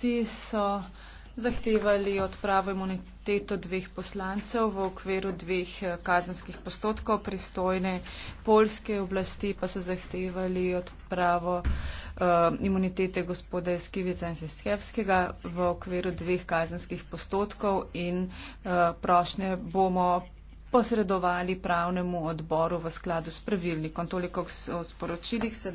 oblasti so zahtevali odpravo imuniteto dveh poslancev v okviru dveh eh, kazenskih postopkov. Pristojne polske oblasti pa so zahtevali odpravo uh, imunitete gospode Skivica in Sestjevskega v okviru dveh kazenskih postopkov in uh, prošnje bomo posredovali pravnemu odboru v skladu s pravilnikom. Toliko o sporočilih.